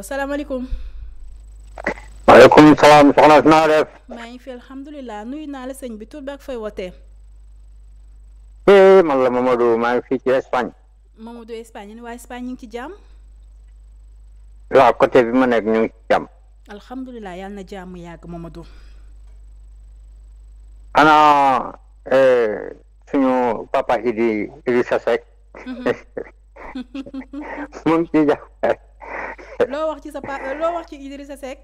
asalaamaaleykum. maaleykum salaam soxna si naa def. maa ngi fi alhamdulilah nuyu naa la sëñ bi tur bi ak fay wootee. eh man la Mamadou maa ngi fii ci Espagne. Mamadou Espagne waa Espagne ñu ngi ci jàmm. waaw côté bi ma nekk ñu ngi ci jàmm. alhamdulilah yàlla na jàmm yàgg Mamadou. ana eh, suñu papa Idi Idrissa Seck. Mhm. mu ngi ciy jàmm. loo wax ci sa pa loo wax ci Idrissa Seck.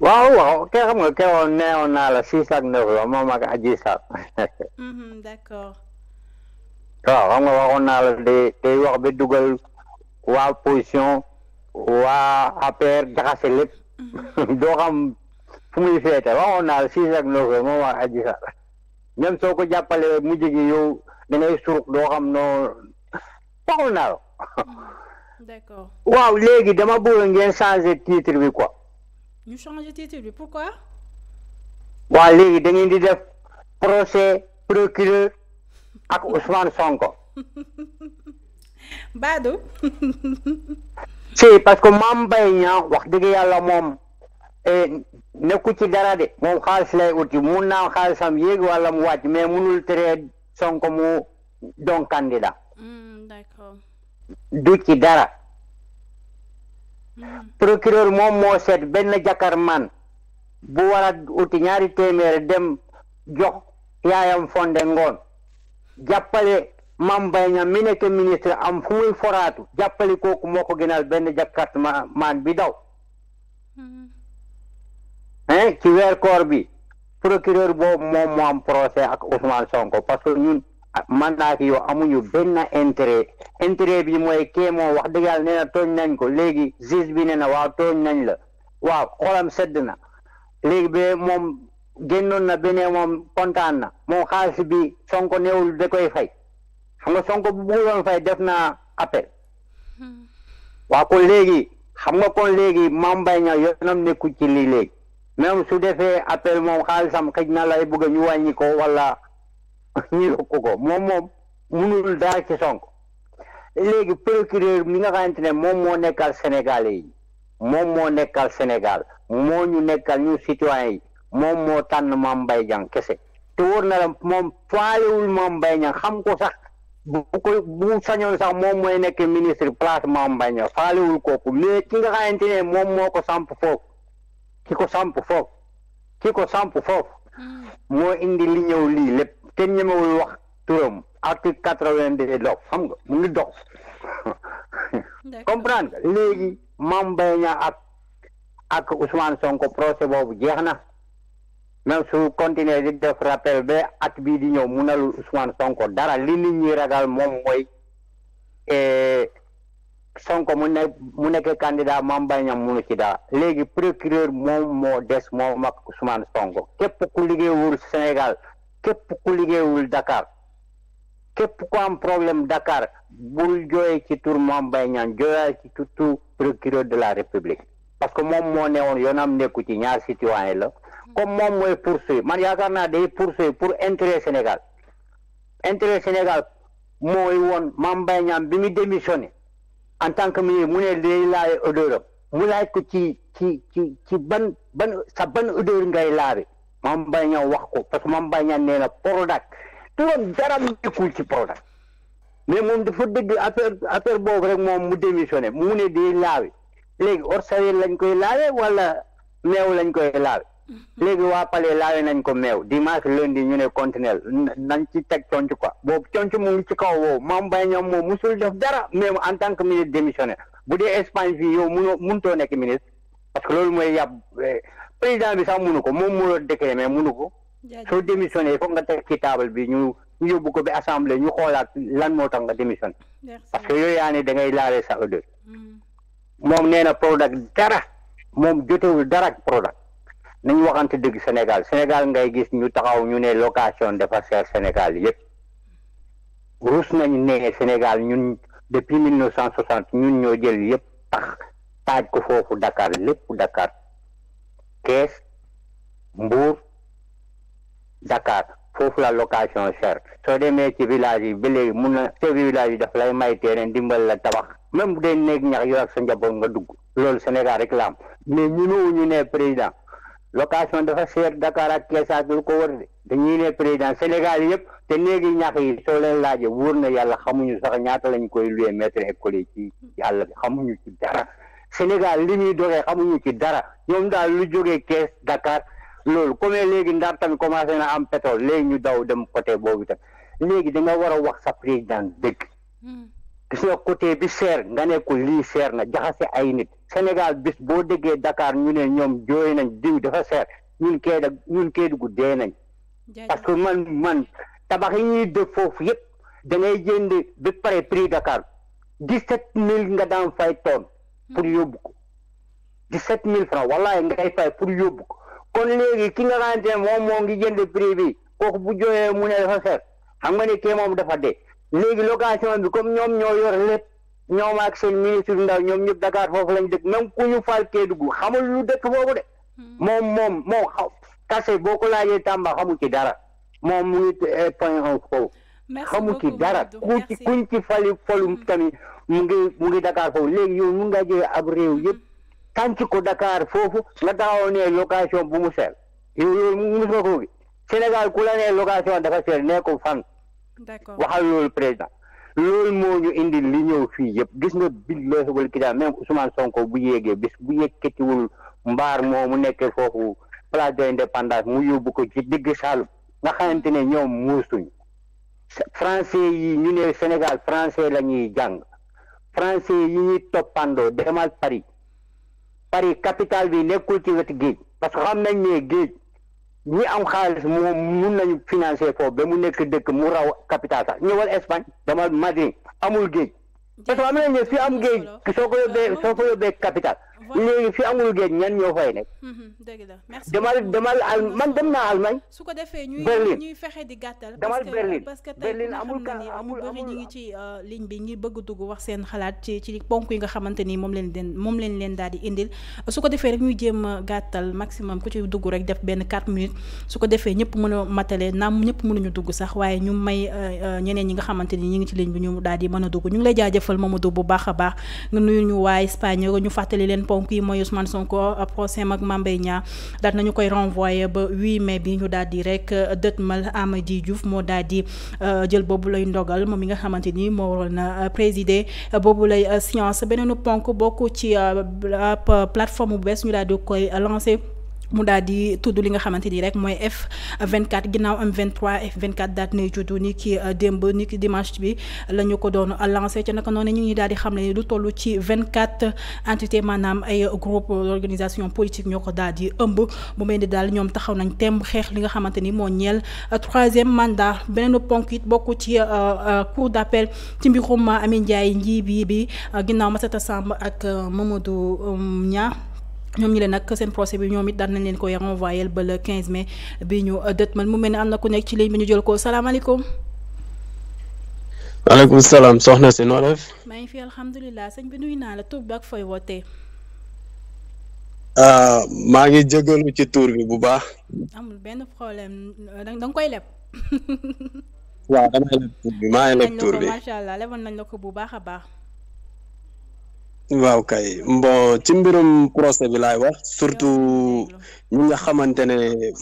waaw waaw ke xam nga keroog neewoon naa waxoon naa la day ak neuf la moom ak Adji Sarr ñoom mm-hmm, mm-hmm. soo ko jàppalee mujj gi yow da ngay doo xam noo waxoon naa la. Mm-hmm. d'accord waaw léegi dama bëgg ngeen changé titre bi quoi. ñu changer titre waaw léegi da ngeen di def procès procureur ak Ousmane Sonko. Badou. si parce que Mame Mbaye Niang wax dëgg yàlla moom eh, nekku ci dara de moom xaalis lay uti mun naa xaalisam yéeg wala mu wàcc mais munul tere Sonko mu doon candidat. Hmm, du ci dara hmm. procureur moom moo seet benn jakar man bu war a uti ñaari téeméer dem jox yaayam fonde ngoon jàppale mam bay ña mi ministre am fu muy foraatu jàppale kooku moo ko gënal benn jakkat ma maan bi daw hmm. hein ci weer bi procureur boobu moom moo procès ak Ousmane Sonko parce ñun mandat ki yow amuñu benn intérêt intérêt bi mooy kee moom wax dëgg yàlla nee tooñ nañ ko léegi juge bi nee na waaw tooñ nañ la waaw xolam sedd na léegi ba moom génnoon na beneen moom kontaan na moom xaalis bi sonko néewul da koy fay xam nga sonko bu bëggoon fay def na appel waa ko léegi xam nga ko léegi Mame Mbaye Niang yoonam nekku ci li léegi même su defee appel moom xaalisam xëj na lay bëgg ñu wàññi ko ñu yokk ko moom moom munul daal ci Sonko léegi procureur mi nga xamante ne moom moo nekkal Sénégalais yi moom moo nekkal Sénégal moo ñu nekkal ñu citoyen yi moom moo tànn Mame Mbaye Niang kese te wóor na la moom faalewul Mame Mbaye Niang xam ko sax bu ko bu sax moom mooy nekk ministre place Mame Mbaye Niang faalewul kooku mais ki nga xamante moom moo ko samp foofu ki ko samp foofu ki ko samp foofu ah. moo indi li ñëw lii lépp kenn ñemewul wax turam article quatre-vingt-deux dox xam nga mu ngi dox comprendre léegi Mame Mbaye ak ak Ousmane Sonko procès boobu jeex na même su continuer di def rappel ba at bii di ñëw munalul Ousmane Sonko dara li nit ñi ragal moom mooy eh, Sonko mu nekk mu nekk candidat Mame Mbaye munu ci daa léegi procureur moom moo des moom ak Ousmane Sonko képp ku liggéeyul Sénégal képp ku liggéeyul dakaar képp ku am problème Dakar bul jooyee ci tur Mame Mbaye Niang ci tur procureur de la République parce que moom moo ne woon yoonam nekku ci ñaar citoyen la comme moom mooy poursuivre man yaakaar naa day poursuivre pour intérêt Sénégal intérêt Sénégal moo woon Mame Mbaye Niang bi mu démissionné en tant que ministre mu ne day laaye odeuram mu laaj ko ci ci ci ci ban ban sa ban odeur ngay laabe Mame Mbaye Niang wax ko parce que Mame Mbaye Niang nee na Prodac turam dara nekkul ci Prodac mais moom dafa dëgg affaire affaire boobu rek moom mu démissionné mu ne di laawi léegi orsawee lañ koy laawe wala meew lañ koy laawe mhm. léegi waa pale laawe nañ ko meew dimanche lundi ñu ne continuel nañ ci teg conc quoi boobu conc mu ngi ci kaw woowu Mame Mbaye Niang moom musul def dara même en tant que ministre démissionné bu dee Espagne fii yow mënoo mënutoo nekk ministre parce que loolu mooy yàpp eh, président bi sax munu ko moom moo décret mais munu ko soo démissionné il nga teg ci table bi ñu ñu yóbbu ko bi assemblée ñu xoolaat lan moo tax nga démissionné parce que yooyu yaa ne da ngay laale sa odeur hmm. moom nee na Prodac dara moom jotewul dara ak Prodac nañu waxante dëgg Sénégal Sénégal ngay gis ñu taxaw ñu ne location dafa cher Sénégal yëpp ruus nañu ne Sénégal ñun depuis mille neuf cent soixante ñun ñoo jël yëpp tax taaj ko foofu Dakar lépp Dakar Kees Mbour Dakar foofu la location cher soo demee ci village yi ba léegi mun na chef village yi daf lay may terrain dimbal la tabax même bu dee néeg ñax yow ak sa njaboot nga dugg loolu Sénégal rek la am mais ñunu ñu ne président location dafa cher Dakar ak Kees ko war de dañuy ne président Sénégal yëpp te néegi ñax yi soo leen laajee na yàlla xamuñu sax ñaata lañ koy luwee mètre école ci àll xamuñu ci dara Sénégal li muy doxee xamuñu ci dara ñoom daal lu jógee kees Dakar loolu comme léegi Ndar tamit commencé na am pétrole léegi ñu daw dem côté boobu tam léegi da war a wax sa président dëgg hmm. gis nga côté bi nga ne lii seer na jaxase ay nit Sénégal bis boo déggee dakaar ñu ne ñoom jooy nañ diw dafa seer ñun kee da ñun kee dugg dee nañ parce que man man tabax yi ñuy def foofu yëpp da ngay jënd ba pare prix Dakar di sept mille nga daan fay tonne pour yóbbu ko dix-sept mille francs wallaay ngay fay pour yóbbu ko ko léegi ki nga xamante ne moom moo ngi jënd prix bi kooku bu joxee mu ne dafa seer xam ne kee moom dafa de léegi location bi comme ñoom ñoo yor lépp ñoom ak ministre ndaw ñoom ñëpp dakaar foofu lañ dëkk même ku ñu fal Kédougou xamul lu dëkk boobu de hmm. moom moom moom xaw kase boo ko laajee Tamba xamu ci dara moom mu ngi eh, point xamu ci dara ku ci kuñ ci fali folum hmm. tamit mu ngi mu ngi dakaar foofu léegi yow mun ngaa jëlee ab réew yëpp tànc ko Dakar foofu nga taxaw ne location bu mu seer yow yooyu mos nga ko gi indi li ñëw fii yëpp gis nga billahi wal Sonko bu yéegee bis bu yëkkatiwul mbaar moo mu nekkee foofu place mu yóbbu ko ci digg Saalum nga xamante ne ñoom muusuñu français yi ñu ne Sénégal français la ñuy jàng français yi ñuy toppandoo demal Paris Paris capital bi nekkul ci wetu géej parce que xam nañ ne géej ñi am xaalis moom mun nañu financer foofu ba mu nekk dëkk mu raw capital sax ñëwal Espagne demal Madrid amul géej parce que am nañ ne fi am géej soo ko yóbbee capital léegi fi amul géej ñan ñoo fay nekk. Mhm, dëgg la merci man dem naa Allemagne. su ko defee ñuy ñuy fexe di gàttal. demal Berlin parce que Berlin amul kan amul amul ñu ngi euh, bi ñi bëgg dugg wax seen xalaat ci ci ponk yi nga xamante ni moom leen den moom leen leen daal di indil su ko defee rek ñuy jéem a gàttal maximum ku ci dugg rek def benn 4 minutes su ko defee ñëpp mën a matale naam ñëpp ñu dugg sax waaye ñu may euh, euh, ñeneen ñi nga xamante ni ñu ngi ci ligne bi ñu daal di mën a dugg ñu ngi lay jaajëfal Mamadou bu baax a baax nga nuyu ñu waa Espagne ñu fàttali leen ponk yi mooy Ousmane Sonko procès mag Mame Mbaye Niang daal nañu koy renvoyé ba 8 mais bi ñu daal di rek euh, dëtmal Amady Diouf moo daal di euh, jël boobu lay ndogal moom mi nga xamante ni moo waroon na euh, présider boobu lay science beneenu ponk bokk ci plateforme bu bees ñu daal koy lancé mu daal di tudd li nga xamante ni rek mooy F24 ginnaaw am 23 F24 daat nay juddu ni ki euh, démb ni ki dimanche bi la ñu ko doon lancé ci naka noonu ñu ngi daal di xam ne lu tollu ci 24 entité maanaam ay groupe d'organisation politique ñoo ko daal di ëmb mu mel ni daal ñoom taxaw nañ temb xeex li nga xamante ni moo ñeel troisième mandat beneen ponk it bokk ci euh, euh, cour d'appel ci mbirum ami Ndiaye nji bi bi ginnaaw Massata Samb ak Mamadou Niang ñoom ñi leen nag seen procès bi ñoom it daan nañ leen koy renvoyer ba le 15 mai bi ñu man mu mel ni am na ku nekk ci ligne bi ñu jël ko salaamaaleykum. maaleykum salaam soxna si noo def. maa ngi fi alhamdulilah sañ bi nuyu naa la tur bi ak fooy wootee. Ah, maa ngi jégalu ci tuur bi bu baax. amul benn problème da koy leb. waaw damay leb maa ngi leb tuur bi macha allah leboon nañ la ko bu baax a baax. waaw kay bon ci mbirum procès bi lay wax surtout ñi nga xamante ne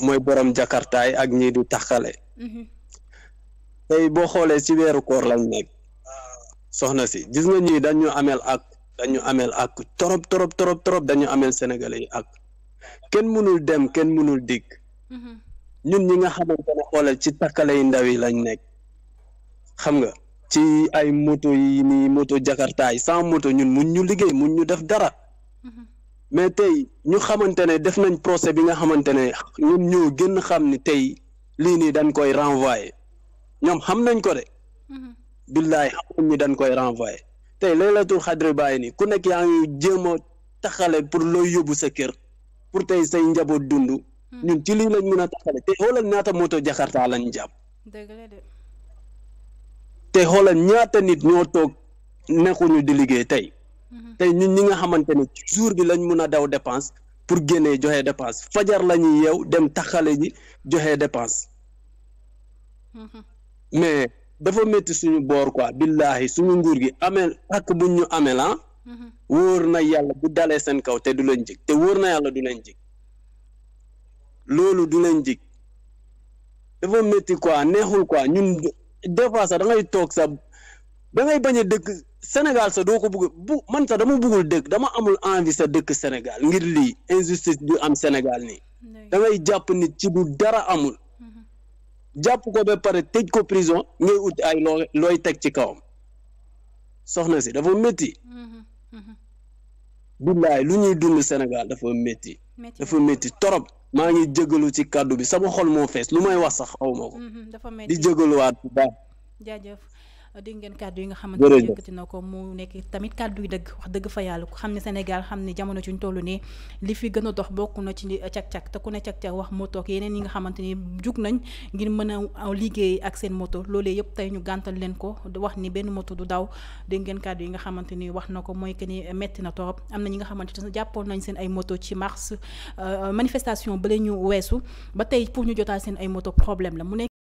mooy borom jakartaay ak ñii du taxale mhm. tey boo xoolee ci weeru koor lañ nekk soxna si gis nga ñii dañu ameel ak dañu ameel ak torop torop torop torop dañu ameel sénégalais yi ak kenn mënul dem kenn mënul dikk mhm. ñun ñi nga xamante ne ci takkale yi ndaw yi lañ nekk xam nga ci ay moto yi nii moto jakarta yi sans moto ñun mu ñu liggéey mun ñu def dara mais tey ñu xamante ne def nañ procès bi nga xamante ne ñun ñoo gën xam ni tey lii nii dañ koy renvoyer ñoom xam nañ ko de billaay xam ñu dañ koy renvoyer tey laylatul xadri bàyyi nii ku nekk yaa ngi jéem a taxale pour looy yóbbu sa kër pour tey say njaboot dund hmm. ñun ci lii lañ mën a taxale te xoolal ñaata moto jakarta lañ jàpp te xoolal ñaata nit ñoo toog nekkuñu di liggéey tey mm-hmm. tey ñun ñi nga xamante ne jour bi lañ mun a daw dépense pour génnee joxe dépense fajar lañuy ñuy yeew dem taxale ji joxe dépense mm-hmm. mais dafa métti suñu boor quoi billahi suñu nguur gi amee ak buñ ñu amee la mm-hmm. wóor na yàlla bu dalee seen kaw te du leen jig te wóor na yàlla du leen jig loolu du leen jig dafa métti quoi neexul quoi ñun des fois sax da toog sax da ngay bañ a dëkk Sénégal sax doo ko bëgg bu man sax dama bëggul dëkk dama amul envie sax dëkk Sénégal ngir li injustice bi am Sénégal nii da jàpp nit ci bu dara amul mm-hmm. jàpp ko ba pare tëj ko prison ngay ut ay looy teg ci kawam soxna si dafa métti mm-hmm. mm-hmm. billaay lu ñuy dund Sénégal dafa metti dafa métti torop maa ngi jégalu ci kàddu bi sama xol moo fees lu may wax sax xaw ko. Mhm, dafa metti di jégaluwaat bu baax. dégg ngeen kàddu yi nga xamante ne yëkkati na ko mu nekk tamit kàddu yi dëgg wax dëgg fa yàlla ku xam ne Sénégal xam ne jamono ci ñu toll nii li fi gën a dox bokk na ci cag-cag te ku ne cag wax moto yeneen yi nga xamante ni jug nañ ngir mën a liggéey ak seen moto loolee yëpp tey ñu gàntal leen ko wax ni benn moto du daw dégg ngeen kàddu yi nga xamante ni wax na ko mooy que ni metti na torop am na ñi nga xamante ne jàppoon nañ seen ay moto ci mars euh, manifestation ba la ñu weesu ba tey pour ñu jotaal seen ay moto problème la mu nekk